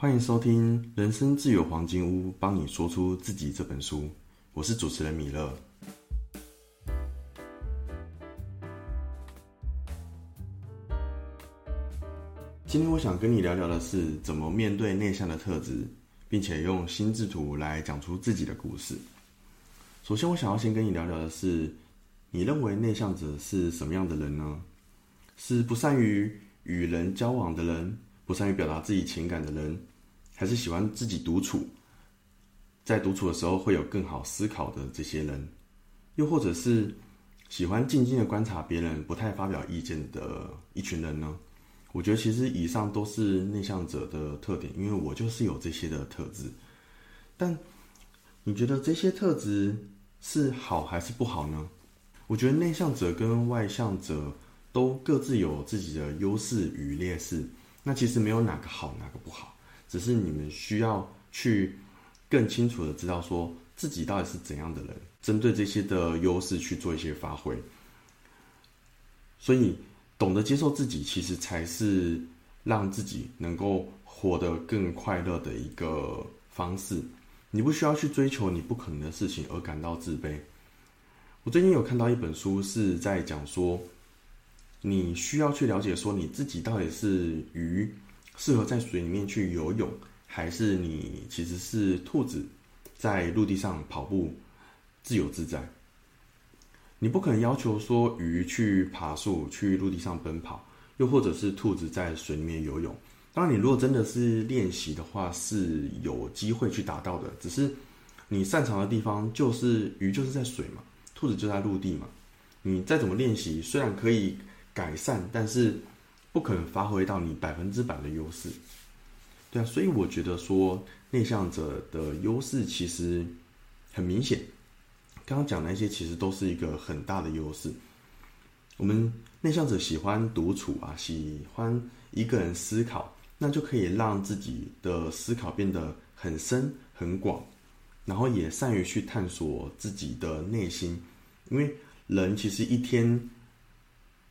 歡迎收聽《人生自有黃金屋》，幫你說出自己這本書。我是主持人米勒。今天我想跟你聊聊的是，怎麼面對內向的特質，並且用心智圖來講出自己的故事。首先，我想要先跟你聊聊的是，你認為內向者是什麼樣的人呢？是不善於與人交往的人，不善於表達自己情感的人。還是喜歡自己獨處，在獨處的時候會有更好思考的這些人，又或者是喜歡靜靜的觀察別人、不太發表意見的一群人呢？我覺得其實以上都是內向者的特點，因為我就是有這些的特質。但你覺得這些特質是好還是不好呢？我覺得內向者跟外向者都各自有自己的優勢與劣勢，那其實沒有哪個好，哪個不好。只是你們需要去更清楚的知道，說自己到底是怎樣的人，針對這些的優勢去做一些發揮。所以，懂得接受自己，其實才是讓自己能夠活得更快樂的一個方式。你不需要去追求你不可能的事情而感到自卑。我最近有看到一本書是在講說，你需要去了解說你自己到底是魚。適合在水裡面去游泳，還是你其實是兔子在陸地上跑步自由自在？你不可能要求說魚去爬樹、去陸地上奔跑，又或者是兔子在水裡面游泳。當然，你如果真的是練習的話，是有機會去達到的。只是你擅長的地方就是魚，就是在水嘛，兔子就在陸地嘛。你再怎麼練習，雖然可以改善，但是。不可能發揮到你百分之百的優勢，對啊，所以我覺得說內向者的優勢其實很明顯。剛剛講的那些其實都是一個很大的優勢。我們內向者喜歡獨處啊，喜歡一個人思考，那就可以讓自己的思考變得很深很廣，然後也善於去探索自己的內心，因為人其實一天。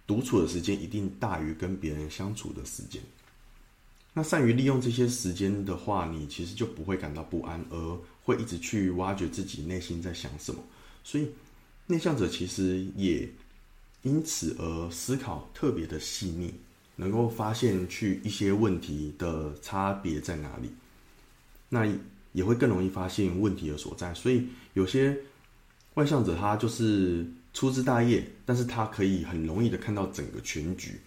獨處的時間一定大於跟別人相處的時間。那善於利用這些時間的話，你其實就不會感到不安，而會一直去挖掘自己內心在想什麼。所以，內向者其實也因此而思考特別的細膩，能夠發現去一些問題的差別在哪裡。那也會更容易發現問題的所在。所以，有些外向者他就是。粗枝大葉，但是他可以很容易的看到整個全局。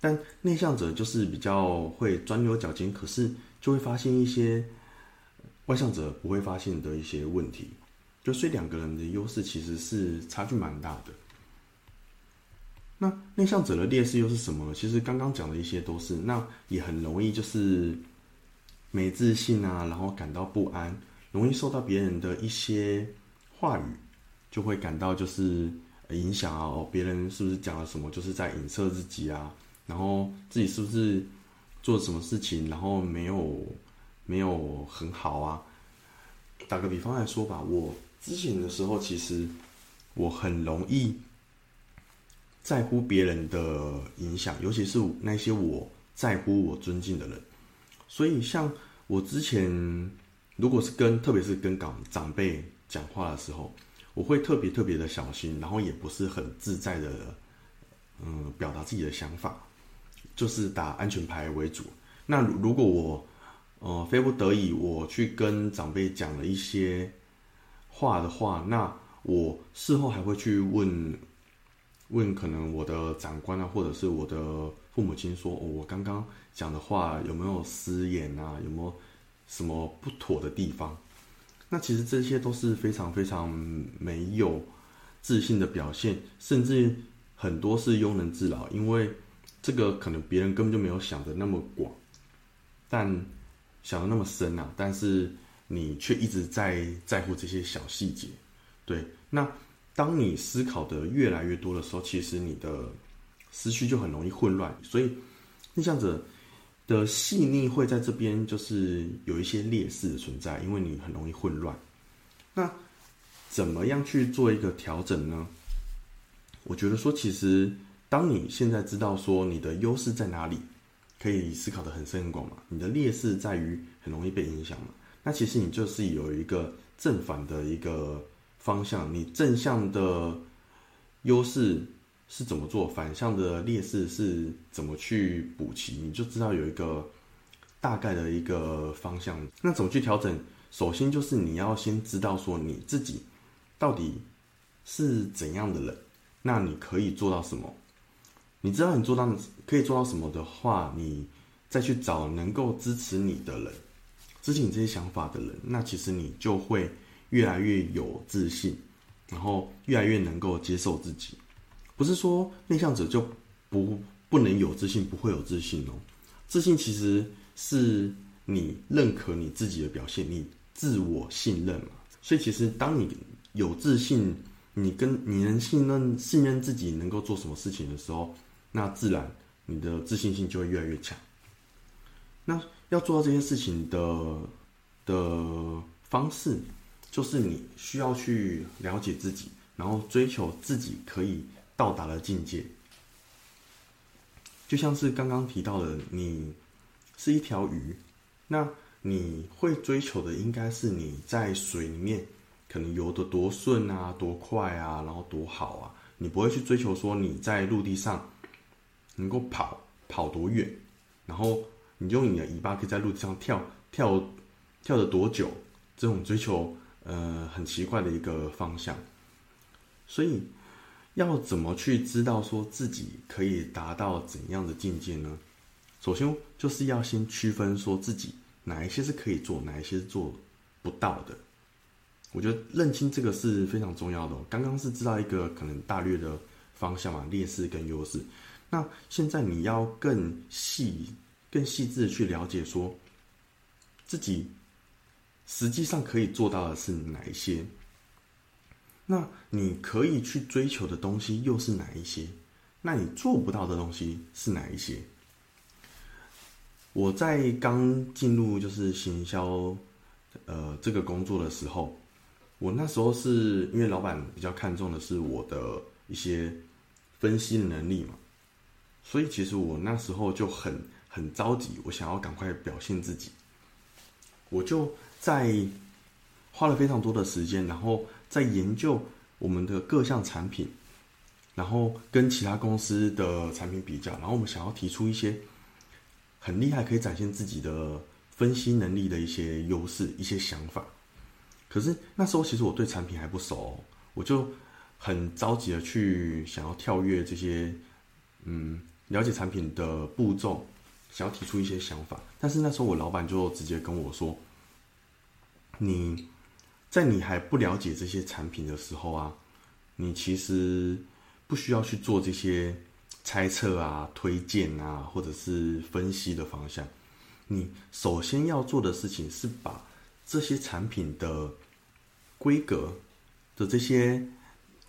但內向者就是比較會鑽牛角尖，可是就會發現一些外向者不會發現的一些問題。就所以兩個人的優勢其實是差距蠻大的。那內向者的劣勢又是什麼呢？其實剛剛講的一些都是。那也很容易就是沒自信啊，然後感到不安，容易受到別人的一些話語。就會感到就是影響哦、啊，別人是不是講了什麼，就是在影射自己啊？然後自己是不是做了什麼事情，然後沒有沒有很好啊？打個比方來說吧，我之前的時候，其實我很容易在乎別人的影響，尤其是那些我在乎、我尊敬的人。所以，像我之前如果是跟，特別是跟長長輩講話的時候。我會特別特別的小心，然後也不是很自在的，嗯，表達自己的想法，就是打安全牌為主。那如果我，呃，非不得已，我去跟長輩講了一些話的話，那我事後還會去問問可能我的長官啊，或者是我的父母親，說，哦，我剛剛講的話有沒有失言啊，有沒有什麼不妥的地方？那其實這些都是非常非常沒有自信的表現，甚至很多是庸人自擾，因為這個可能別人根本就沒有想的那麼廣，但想的那麼深啊！但是你卻一直在在乎這些小細節，對？那當你思考的越來越多的時候，其實你的思緒就很容易混亂，所以內向者。的細膩會在這邊，就是有一些劣勢的存在，因為你很容易混亂。那怎麼樣去做一個調整呢？我覺得說，其實當你現在知道說你的優勢在哪裡，可以思考得很深很廣嘛。你的劣勢在於很容易被影響嘛。那其實你就是有一個正反的一個方向，你正向的優勢。是怎麼做，內向的劣勢是怎麼去補齊，你就知道有一個大概的一個方向。那怎麼去調整？首先就是你要先知道說你自己到底是怎樣的人，那你可以做到什麼？你知道你做到可以做到什麼的話，你再去找能夠支持你的人，支持你這些想法的人，那其實你就會越來越有自信，然後越來越能夠接受自己。不是說內向者就不不能有自信，不會有自信哦。自信其實是你認可你自己的表現，你自我信任嘛。所以，其實當你有自信，你跟你能信任信任自己能夠做什麼事情的時候，那自然你的自信心就會越來越強。那要做到這件事情的的方式，就是你需要去了解自己，然後追求自己可以。到達了境界，就像是剛剛提到的，你是一條魚，那你會追求的應該是你在水裡面可能游得多順啊、多快啊、然後多好啊。你不會去追求說你在陸地上能夠跑跑多遠，然後你用你的尾巴可以在陸地上跳跳跳得多久，這種追求呃很奇怪的一個方向，所以。要怎麼去知道說自己可以達到怎樣的境界呢？首先就是要先區分說自己哪一些是可以做，哪一些是做不到的。我覺得認清這個是非常重要的。剛剛是知道一個可能大略的方向嘛，劣勢跟優勢。那現在你要更細、更細緻的去了解說自己實際上可以做到的是哪一些。那你可以去追求的東西又是哪一些？那你做不到的東西是哪一些？我在剛進入就是行銷，呃，這個工作的時候，我那時候是因為老闆比較看重的是我的一些分析能力嘛，所以其實我那時候就很很着急，我想要趕快表現自己，我就在花了非常多的時間，然後。在研究我們的各項產品，然後跟其他公司的產品比較，然後我們想要提出一些很厲害可以展現自己的分析能力的一些優勢、一些想法。可是那時候其實我對產品還不熟哦，我就很着急的去想要跳躍這些，嗯，了解產品的步驟，想要提出一些想法。但是那時候我老板就直接跟我說：“你。”在你還不了解這些產品的時候啊，你其實不需要去做這些猜測啊、推薦啊，或者是分析的方向。你首先要做的事情是把這些產品的規格的這些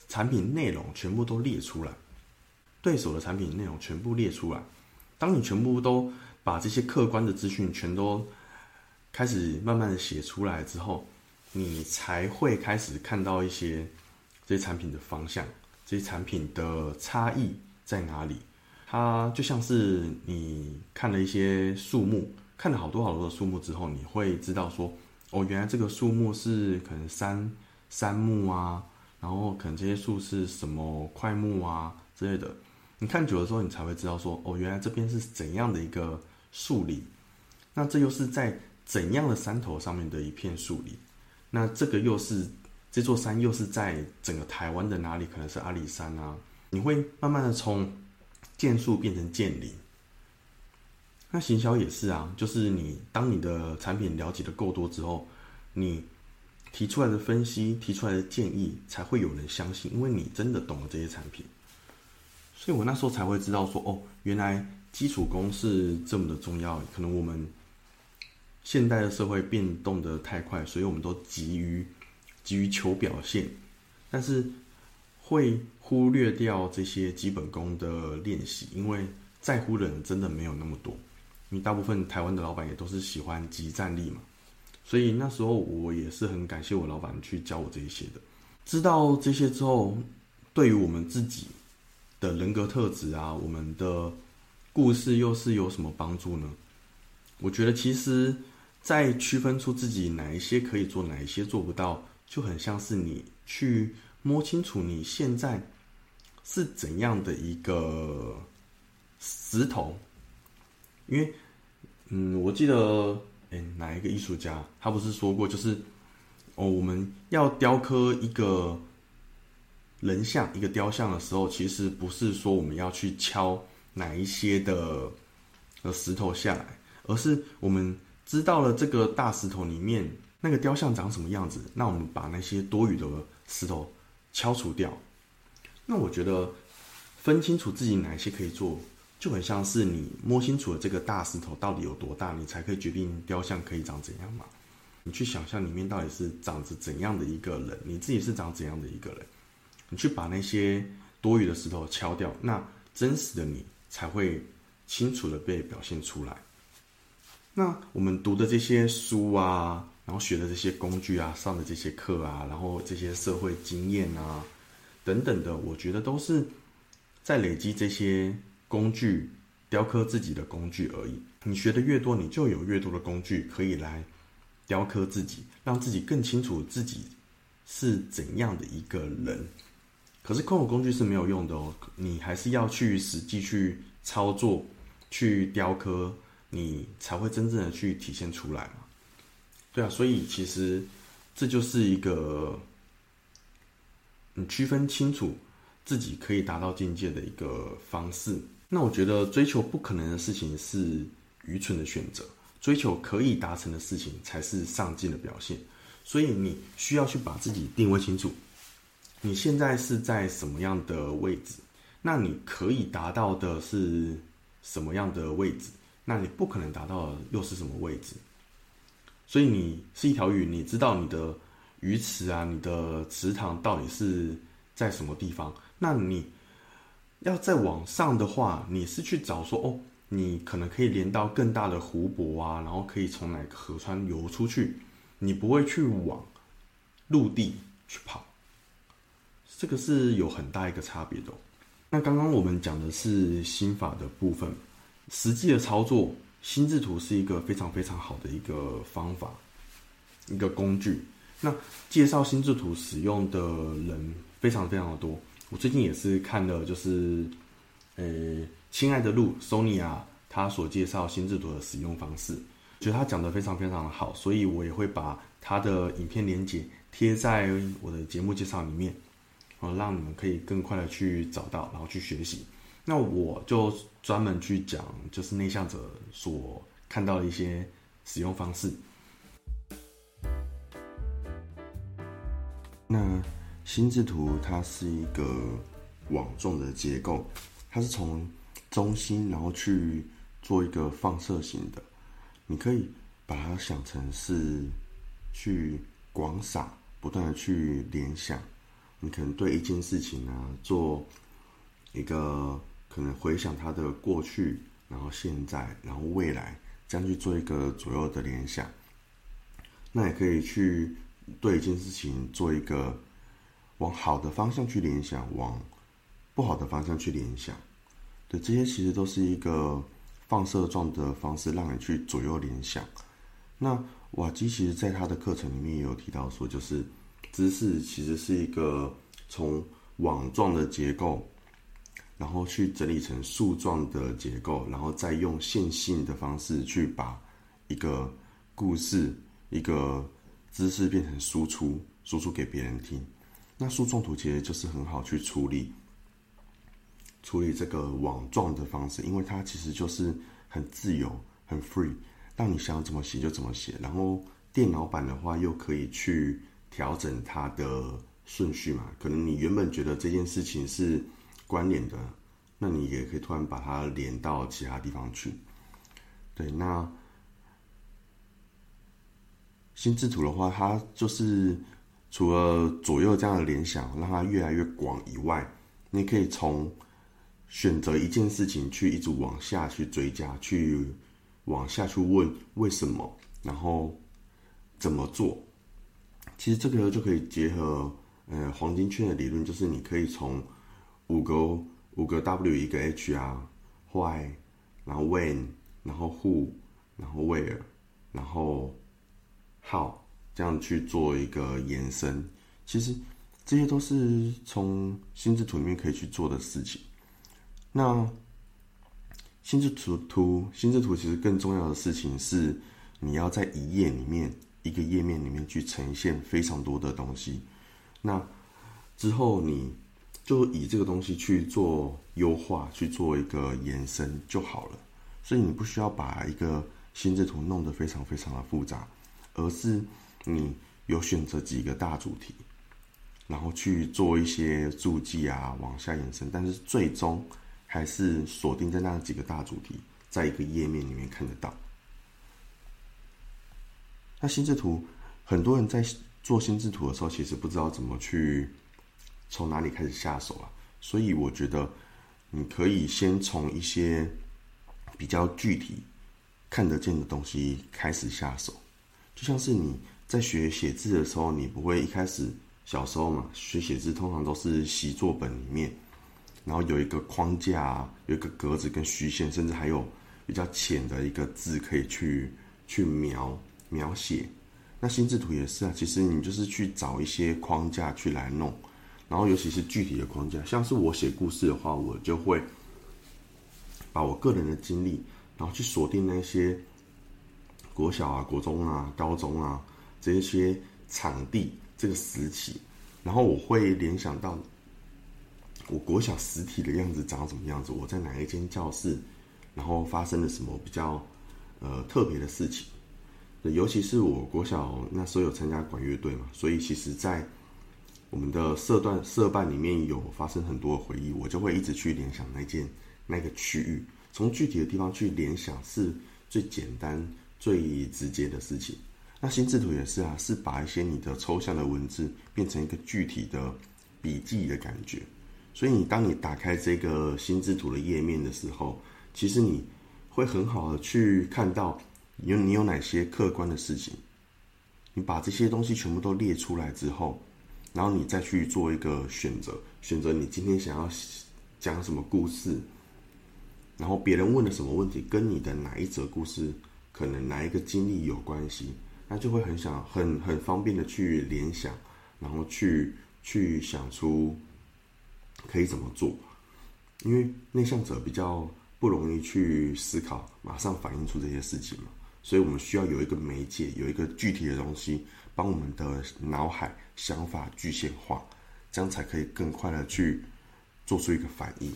產品內容全部都列出來，對手的產品內容全部列出來。當你全部都把這些客觀的資訊全都開始慢慢的寫出來之後。你才會開始看到一些這些產品的方向，這些產品的差異在哪裡？它就像是你看了一些樹木，看了好多好多的樹木之後，你會知道說，哦，原來這個樹木是可能杉杉木啊，然後可能這些樹是什麼檜木啊之類的。你看久了之後，你才會知道說，哦，原來這邊是怎樣的一個樹林，那這又是在怎樣的山頭上面的一片樹林？那這個又是這座山，又是在整個台灣的哪裡？可能是阿里山啊。你會慢慢的從見樹變成見林。那行銷也是啊，就是你當你的產品了解的夠多之後，你提出來的分析、提出來的建議才會有人相信，因為你真的懂了這些產品。所以我那時候才會知道說，哦，原來基礎功是這麼的重要。可能我們。現代的社會變動得太快，所以我們都急於急於求表現，但是會忽略掉這些基本功的練習，因為在乎的人真的沒有那麼多。因為大部分台灣的老板也都是喜歡即戰力嘛，所以那時候我也是很感謝我老板去教我這一些的。知道這些之後，對於我們自己的人格特質啊，我們的故事又是有什麼幫助呢？我覺得其實。再區分出自己哪一些可以做，哪一些做不到，就很像是你去摸清楚你現在是怎樣的一個石頭。因為，嗯，我記得，哎、欸，哪一個藝術家他不是說過，就是哦，我們要雕刻一個人像、一個雕像的時候，其實不是說我們要去敲哪一些的、的石頭下來，而是我們。知道了這個大石頭裡面那個雕像長什麼樣子，那我們把那些多餘的石頭敲除掉。那我覺得，分清楚自己哪些可以做，就很像是你摸清楚了這個大石頭到底有多大，你才可以決定雕像可以長怎樣嘛。你去想象裡面到底是長着怎樣的一個人，你自己是長怎樣的一個人，你去把那些多餘的石頭敲掉，那真實的你才會清楚的被表現出來。那我們讀的這些書啊，然後學的這些工具啊，上的這些課啊，然後這些社會經驗啊，等等的，我覺得都是在累積這些工具，雕刻自己的工具而已。你學的越多，你就有越多的工具可以來雕刻自己，讓自己更清楚自己是怎樣的一個人。可是空有工具是沒有用的哦，你還是要去實際去操作，去雕刻，你才會真正的去體現出來嘛。對啊，所以其實這就是一個你區分清楚自己可以達到境界的一個方式。那我覺得追求不可能的事情是愚蠢的選擇，追求可以達成的事情才是上進的表現。所以你需要去把自己定位清楚，你現在是在什麼樣的位置？那你可以達到的是什麼樣的位置？那你不可能達到的又是什麼位置？所以你是一條魚，你知道你的魚池啊，你的池塘到底是在什麼地方？那你要再往上的話，你是去找說哦，你可能可以連到更大的湖泊啊，然後可以從哪個河川游出去，你不會去往陸地去跑。這個是有很大一個差別的。那剛剛我們講的是心法的部分。實際的操作，心智圖是一個非常非常好的一個方法，一個工具。那介紹心智圖使用的人非常非常的多。我最近也是看了，就是呃，親愛的路 Sonia 啊，他所介紹心智圖的使用方式，覺得他講的非常非常的好，所以我也會把他的影片連結貼在我的節目介紹裡面，哦，讓你們可以更快的去找到，然後去學習。那我就。專門去講，就是內向者所看到的一些使用方式。那心智圖它是一個網狀的結構，它是從中心然後去做一個放射型的，你可以把它想成是去廣撒，不斷的去聯想。你可能對一件事情呢、啊，做一個。可能回想他的過去，然後現在，然後未來，這樣去做一個左右的聯想。那也可以去對一件事情做一個往好的方向去聯想，往不好的方向去聯想。對，這些其實都是一個放射狀的方式，讓你去左右聯想。那瓦基其實在他的課程裡面也有提到說，就是知識其實是一個從網狀的結構。然後去整理成樹狀的結構，然後再用線性的方式去把一個故事、一個知識變成輸出，輸出給別人聽。那樹狀圖其實就是很好去處理處理這個網狀的方式，因為它其實就是很自由、很 free，讓你想要怎麼寫就怎麼寫。然後電腦版的話，又可以去調整它的順序嘛？可能你原本覺得這件事情是。關聯的，那你也可以突然把它連到其他地方去。對，那心智圖的話，它就是除了左右這樣的聯想，讓它越來越廣以外，你可以從選擇一件事情去一直往下去追加，去往下去問為什麼，然後怎麼做。其實這個時候就可以結合呃黃金圈的理論，就是你可以從。五個五個 W 一個 H 啊，Why，然後 When，然後 Who，然後 Where，然後 How，這樣去做一個延伸。其實這些都是從心智圖裡面可以去做的事情。那心智圖圖，心智圖其實更重要的事情是，你要在一頁裡面一個頁面裡面去呈現非常多的東西。那之後你。就以這個東西去做優化，去做一個延伸就好了。所以你不需要把一個心智圖弄得非常非常的複雜，而是你有選擇幾個大主題，然後去做一些註記啊，往下延伸。但是最終還是鎖定在那幾個大主題，在一個頁面裡面看得到。那心智圖，很多人在做心智圖的時候，其實不知道怎麼去。從哪裡開始下手啊？所以我覺得，你可以先從一些比較具體、看得見的東西開始下手。就像是你在學寫字的時候，你不會一開始小時候嘛，學寫字通常都是習作本裡面，然後有一個框架，有一個格子跟虛線，甚至還有比較淺的一個字可以去去描描寫。那心智圖也是啊，其實你就是去找一些框架去來弄。然後，尤其是具體的框架，像是我寫故事的話，我就會把我個人的經歷，然後去鎖定那些國小啊、國中啊、高中啊這一些場地、這個時期，然後我會聯想到我國小實體的樣子長什麼樣子，我在哪一間教室，然後發生了什麼比較呃特別的事情。尤其是我國小那時候有參加管樂隊嘛，所以其實在我們的社團社辦裡面有發生很多回憶，我就會一直去聯想那件那個區域，從具體的地方去聯想是最簡單最直接的事情。那心智圖也是啊，是把一些你的抽象的文字變成一個具體的筆記的感覺。所以你當你打開這個心智圖的頁面的時候，其實你會很好的去看到你有你有哪些客觀的事情。你把這些東西全部都列出來之後。然後你再去做一個選擇，選擇你今天想要講什麼故事，然後別人問了什麼問題，跟你的哪一則故事，可能哪一個經歷有關係，那就會很想很很方便的去聯想，然後去去想出可以怎麼做，因為內向者比較不容易去思考，馬上反映出這些事情嘛，所以我們需要有一個媒介，有一個具體的東西，幫我們的腦海。想法具象化，這樣才可以更快的去做出一個反應。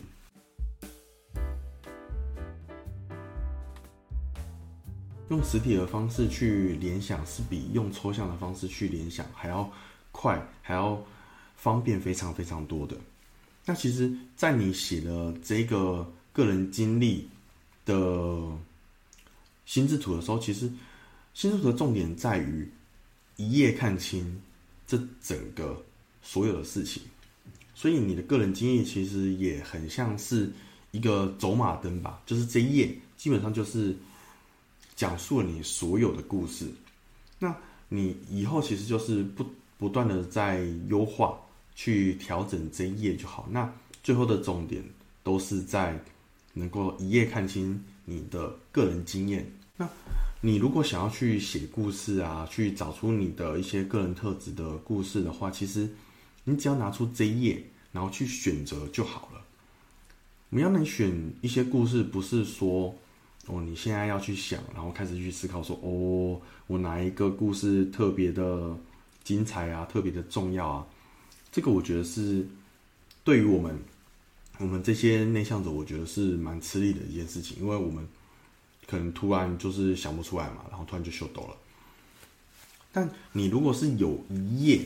用實體的方式去聯想，是比用抽象的方式去聯想還要快、還要方便，非常非常多的。那其實，在你寫了這個個人經歷的心智圖的時候，其實心智圖的重點在於一頁看清。這整個所有的事情，所以你的個人經歷其實也很像是一個走馬燈吧，就是這一頁基本上就是講述了你所有的故事。那你以後其實就是不不斷的在優化，去調整這一頁就好。那最後的重點都是在能夠一頁看清你的個人經驗。那。你如果想要去寫故事啊，去找出你的一些個人特質的故事的話，其實你只要拿出這一頁，然後去選擇就好了。我們要能選一些故事，不是說哦你現在要去想，然後開始去思考說哦我哪一個故事特別的精彩啊，特別的重要啊，這個我覺得是對於我們我們這些內向者，我覺得是蠻吃力的一件事情，因為我們。可能突然就是想不出來嘛，然後突然就秀逗了。但你如果是有一頁，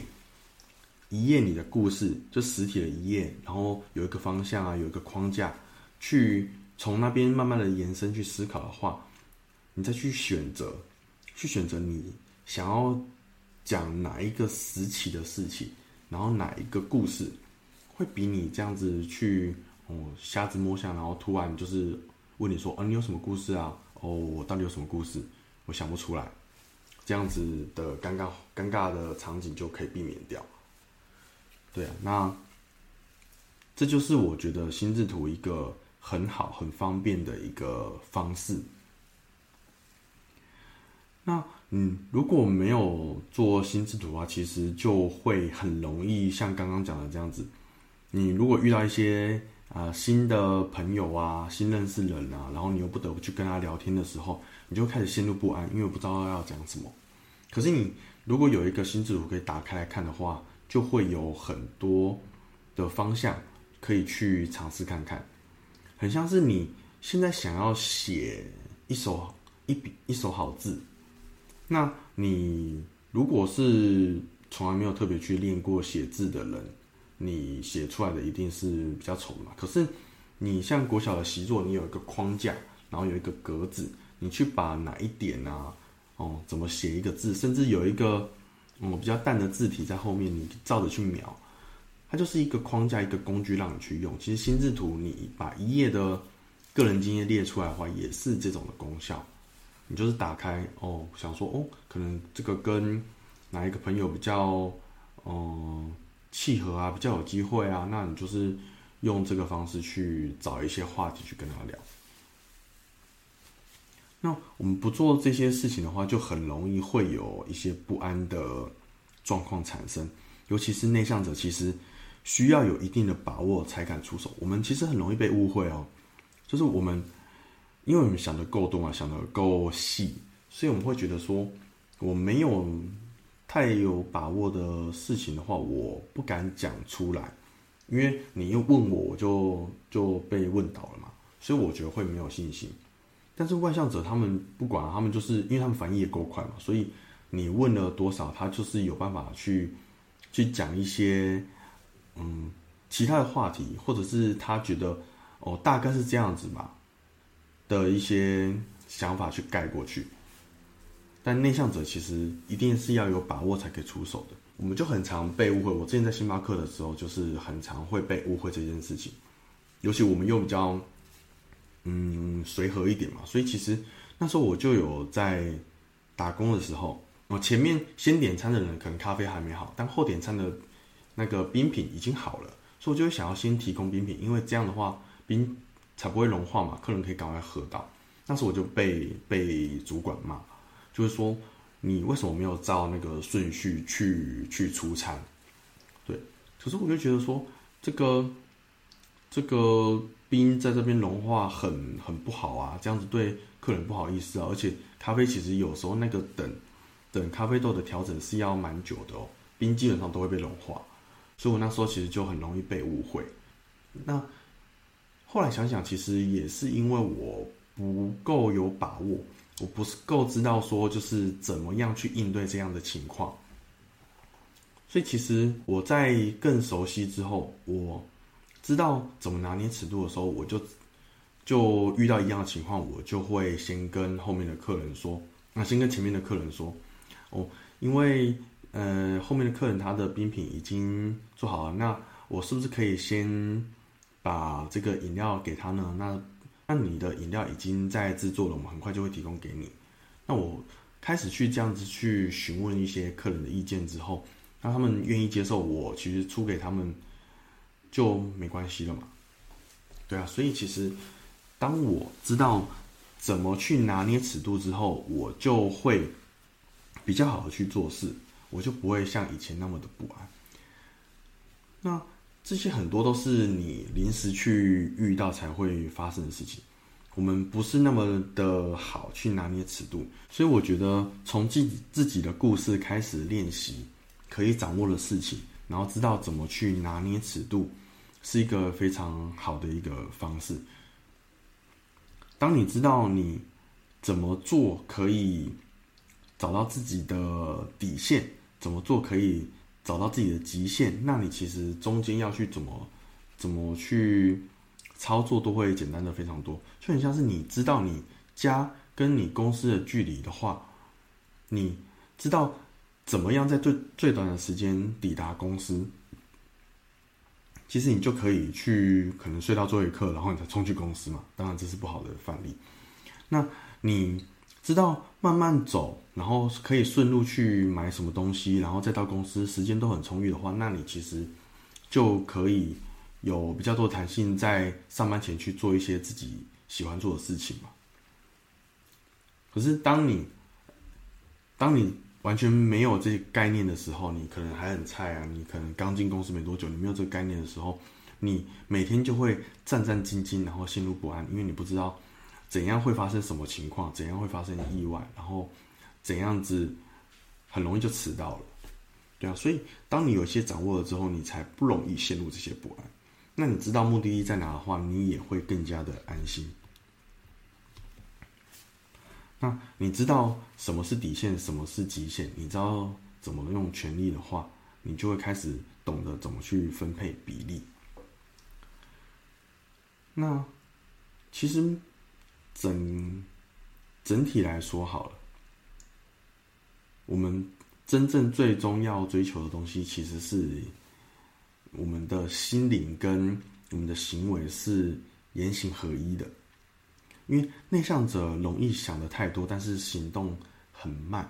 一頁你的故事，就實體的一頁，然後有一個方向啊，有一個框架，去從那邊慢慢的延伸去思考的話，你再去選擇，去選擇你想要講哪一個時期的事情，然後哪一個故事，會比你這樣子去我瞎子摸象，然後突然就是問你說，啊、呃，你有什麼故事啊？哦，我到底有什麼故事？我想不出來，這樣子的尷尬尷尬的場景就可以避免掉。對啊，那這就是我覺得心智圖一個很好、很方便的一個方式。那嗯，如果沒有做心智圖的話，其實就會很容易像剛剛講的這樣子，你如果遇到一些。啊，新的朋友啊，新認識人啊，然後你又不得不去跟他聊天的時候，你就會開始陷入不安，因為不知道要講什麼。可是你如果有一個心智圖可以打開來看的話，就會有很多的方向可以去嘗試看看。很像是你現在想要寫一手一筆一手好字，那你如果是從來沒有特別去練過寫字的人。你寫出來的一定是比較醜的嘛，可是你像國小的習作，你有一個框架，然後有一個格子，你去把哪一點啊，哦、嗯，怎麼寫一個字，甚至有一個我、嗯、比較淡的字體在後面，你照着去描，它就是一個框架，一個工具讓你去用。其實心智圖，你把一頁的個人經驗列出來的話，也是這種的功效。你就是打開哦，想說哦，可能這個跟哪一個朋友比較，哦、嗯。契合啊，比較有機會啊，那你就是用這個方式去找一些話題去跟他聊。那我們不做這些事情的話，就很容易會有一些不安的狀況產生，尤其是內向者，其實需要有一定的把握才敢出手。我們其實很容易被誤會哦，就是我們因為我們想的夠多啊，想的夠細，所以我們會覺得說我沒有。太有把握的事情的話，我不敢講出來，因為你又問我，我就就被問倒了嘛，所以我覺得會沒有信心。但是外向者他們不管，他們就是因為他們反應也夠快嘛，所以你問了多少，他就是有辦法去去講一些嗯其他的話題，或者是他覺得哦大概是這樣子吧，的一些想法去蓋過去。但內向者其實一定是要有把握才可以出手的。我們就很常被誤會。我之前在星巴克的時候，就是很常會被誤會這件事情。尤其我們又比較，嗯，隨和一點嘛，所以其實那時候我就有在打工的時候，我前面先點餐的人可能咖啡還沒好，但後點餐的那個冰品已經好了，所以我就會想要先提供冰品，因為這樣的話冰才不會融化嘛，客人可以趕快喝到。那時候我就被被主管罵。就是說，你為什麼沒有照那個順序去去出餐？對，可是我就覺得說，這個這個冰在這邊融化很很不好啊，這樣子對客人不好意思啊，而且咖啡其實有時候那個等等咖啡豆的調整是要蠻久的哦，冰基本上都會被融化，所以我那時候其實就很容易被誤會。那後來想想，其實也是因為我不夠有把握。我不是夠知道說，就是怎麼樣去應對這樣的情況，所以其實我在更熟悉之後，我知道怎麼拿捏尺度的時候，我就就遇到一樣的情況，我就會先跟後面的客人說，那先跟前面的客人說，哦，因為呃後面的客人他的冰品已經做好了，那我是不是可以先把這個飲料給他呢？那那你的飲料已經在制作了，我們很快就會提供給你。那我開始去這樣子去詢問一些客人的意見之後，那他們願意接受我，其實出給他們就沒關係了嘛。對啊，所以其實當我知道怎麼去拿捏尺度之後，我就會比較好的去做事，我就不會像以前那麼的不安。那這些很多都是你臨時去遇到才會發生的事情，我們不是那麼的好去拿捏尺度，所以我覺得從自自己的故事開始練習，可以掌握的事情，然後知道怎麼去拿捏尺度，是一個非常好的一個方式。當你知道你怎麼做可以找到自己的底線，怎麼做可以。找到自己的極限，那你其實中間要去怎麼怎麼去操作都會簡單的非常多，就很像是你知道你家跟你公司的距離的話，你知道怎麼樣在最最短的時間抵達公司，其實你就可以去可能睡到最後一刻，然後你才衝去公司嘛。當然這是不好的範例，那你。知道慢慢走，然後可以順路去買什麼東西，然後再到公司，時間都很充裕的話，那你其實就可以有比較多的彈性，在上班前去做一些自己喜歡做的事情嘛。可是當你當你完全沒有這些概念的時候，你可能還很菜啊，你可能剛進公司沒多久，你沒有這個概念的時候，你每天就會戰戰兢兢，然後陷入不安，因為你不知道。怎樣會發生什麼情況？怎樣會發生意外？然後，怎樣子很容易就遲到了？對啊，所以當你有些掌握了之後，你才不容易陷入這些不安。那你知道目的地在哪的話，你也會更加的安心。那你知道什麼是底線，什麼是極限？你知道怎麼用權力的話，你就會開始懂得怎麼去分配比例。那其實。整整體來說，好了，我們真正最終要追求的東西，其實是我們的心靈跟我們的行為是言行合一的。因為內向者容易想得太多，但是行動很慢，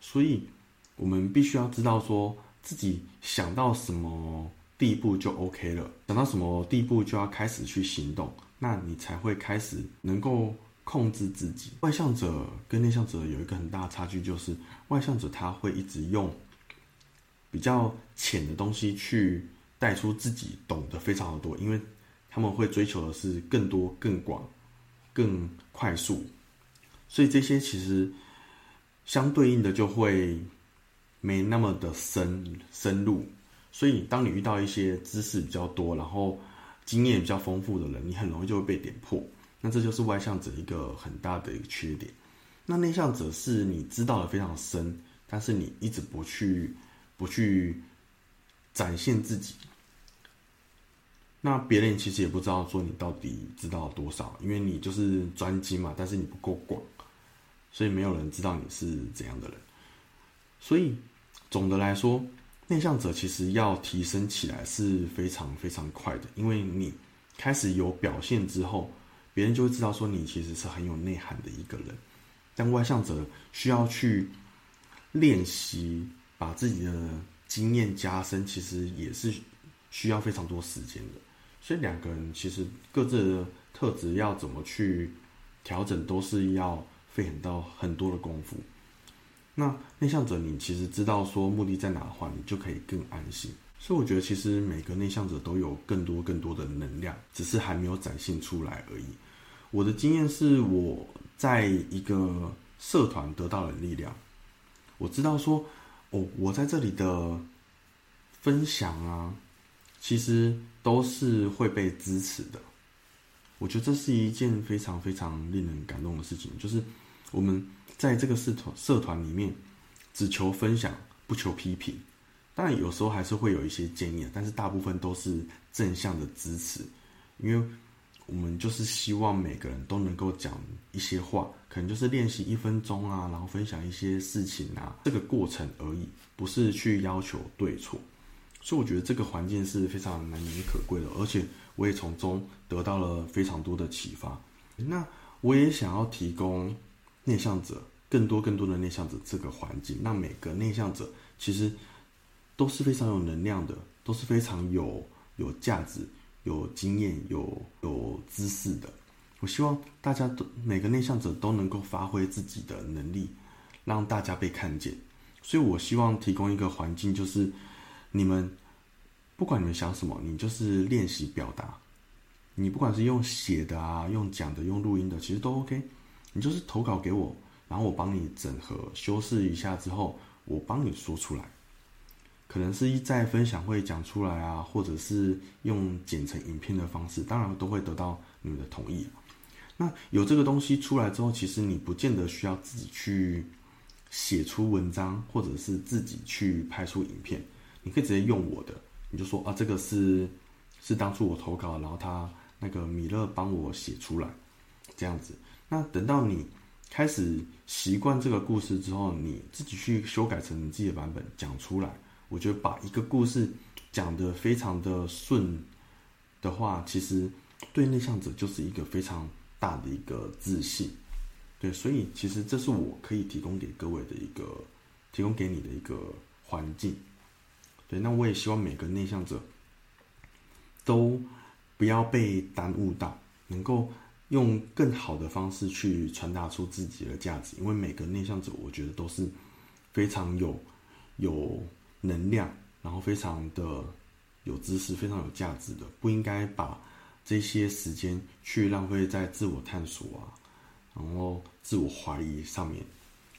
所以我們必須要知道說，說自己想到什麼地步就 OK 了，想到什麼地步就要開始去行動。那你才會開始能夠控制自己。外向者跟內向者有一個很大的差距，就是外向者他會一直用比較淺的東西去帶出自己懂得非常的多，因為他們會追求的是更多、更廣、更快速，所以這些其實相對應的就會沒那麼的深深入。所以當你遇到一些知識比較多，然後。經驗比較豐富的人，你很容易就會被點破，那這就是外向者一個很大的一個缺點。那內向者是你知道的非常深，但是你一直不去不去展現自己，那別人其實也不知道說你到底知道多少，因為你就是專精嘛，但是你不夠廣，所以沒有人知道你是怎樣的人。所以總的來說。內向者其實要提升起來是非常非常快的，因為你開始有表現之後，別人就會知道說你其實是很有內涵的一個人。但外向者需要去練習把自己的經驗加深，其實也是需要非常多時間的。所以兩個人其實各自的特質要怎麼去調整，都是要費很多很多的功夫。那內向者，你其實知道說目的在哪的話，你就可以更安心。所以我覺得，其實每個內向者都有更多更多的能量，只是還沒有展現出來而已。我的經驗是，我在一個社團得到了力量，我知道說，哦，我在這裡的分享啊，其實都是會被支持的。我覺得這是一件非常非常令人感動的事情，就是我們。在這個社團社團裡面，只求分享，不求批評。當然，有時候還是會有一些建議，但是大部分都是正向的支持，因為我們就是希望每個人都能夠講一些話，可能就是練習一分鐘啊，然後分享一些事情啊，這個過程而已，不是去要求對錯。所以，我覺得這個環境是非常難能可貴的，而且我也從中得到了非常多的啟發。那我也想要提供。內向者，更多更多的內向者，這個環境。那每個內向者其實都是非常有能量的，都是非常有有價值、有經驗、有有知識的。我希望大家都每個內向者都能夠發揮自己的能力，讓大家被看見。所以我希望提供一個環境，就是你們不管你們想什麼，你就是練習表達。你不管是用寫的啊、用講的、用錄音的，其實都 OK。你就是投稿給我，然後我幫你整合、修飾一下之後，我幫你說出來，可能是一在分享會講出來啊，或者是用剪成影片的方式，當然都會得到你們的同意啊。那有這個東西出來之後，其實你不見得需要自己去寫出文章，或者是自己去拍出影片，你可以直接用我的，你就說啊，這個是是當初我投稿，然後他那個米勒幫我寫出來，這樣子。那等到你開始習慣這個故事之後，你自己去修改成你自己的版本講出來。我覺得把一個故事講得非常的順的話，其實對內向者就是一個非常大的一個自信。對，所以其實這是我可以提供給各位的一個，提供給你的一個環境。對，那我也希望每個內向者都不要被耽誤到，能夠。用更好的方式去傳達出自己的價值，因為每個內向者，我覺得都是非常有有能量，然後非常的有知識，非常有價值的，不應該把這些時間去浪費在自我探索啊，然後自我懷疑上面。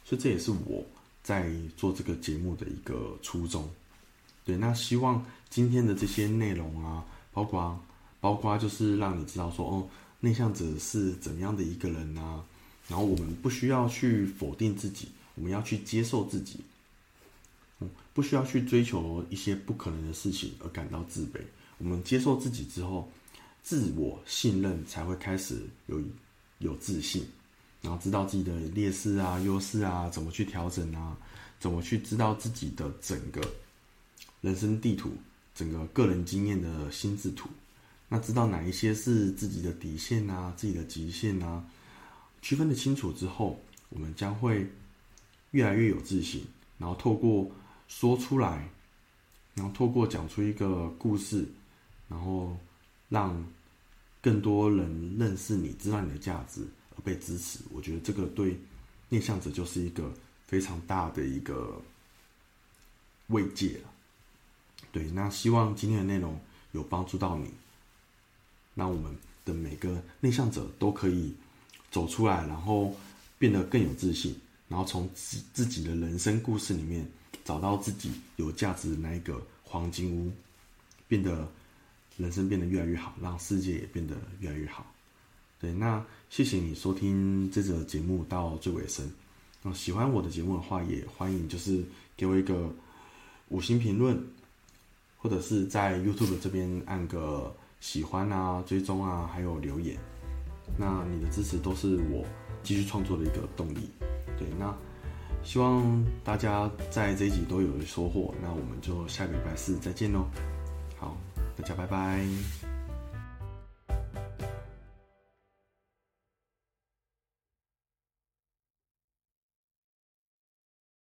所以這也是我在做這個節目的一個初衷。對，那希望今天的這些內容啊，包括包括就是讓你知道說哦。嗯內向者是怎樣的一個人呢、啊？然後我們不需要去否定自己，我們要去接受自己，嗯，不需要去追求一些不可能的事情而感到自卑。我們接受自己之後，自我信任才會開始有有自信，然後知道自己的劣勢啊、優勢啊，怎麼去調整啊，怎麼去知道自己的整個人生地圖、整個個人經驗的心智圖。那知道哪一些是自己的底線啊，自己的極限啊，區分的清楚之後，我們將會越來越有自信，然後透過說出來，然後透過講出一個故事，然後讓更多人認識你，知道你的價值而被支持。我覺得這個對內向者就是一個非常大的一個慰藉了。對，那希望今天的內容有幫助到你。讓我們的每個內向者都可以走出來，然後變得更有自信，然後從自自己的人生故事裡面找到自己有價值的那一個黃金屋，變得人生變得越來越好，讓世界也變得越來越好。對，那謝謝你收聽這則節目到最尾聲。喜歡我的節目的話，也歡迎就是給我一個五星評論，或者是在 YouTube 這邊按個。喜歡啊，追蹤啊，還有留言，那你的支持都是我繼續創作的一個動力。對，那希望大家在這一集都有收穫，那我們就下個禮拜四再見嘍。好，大家拜拜。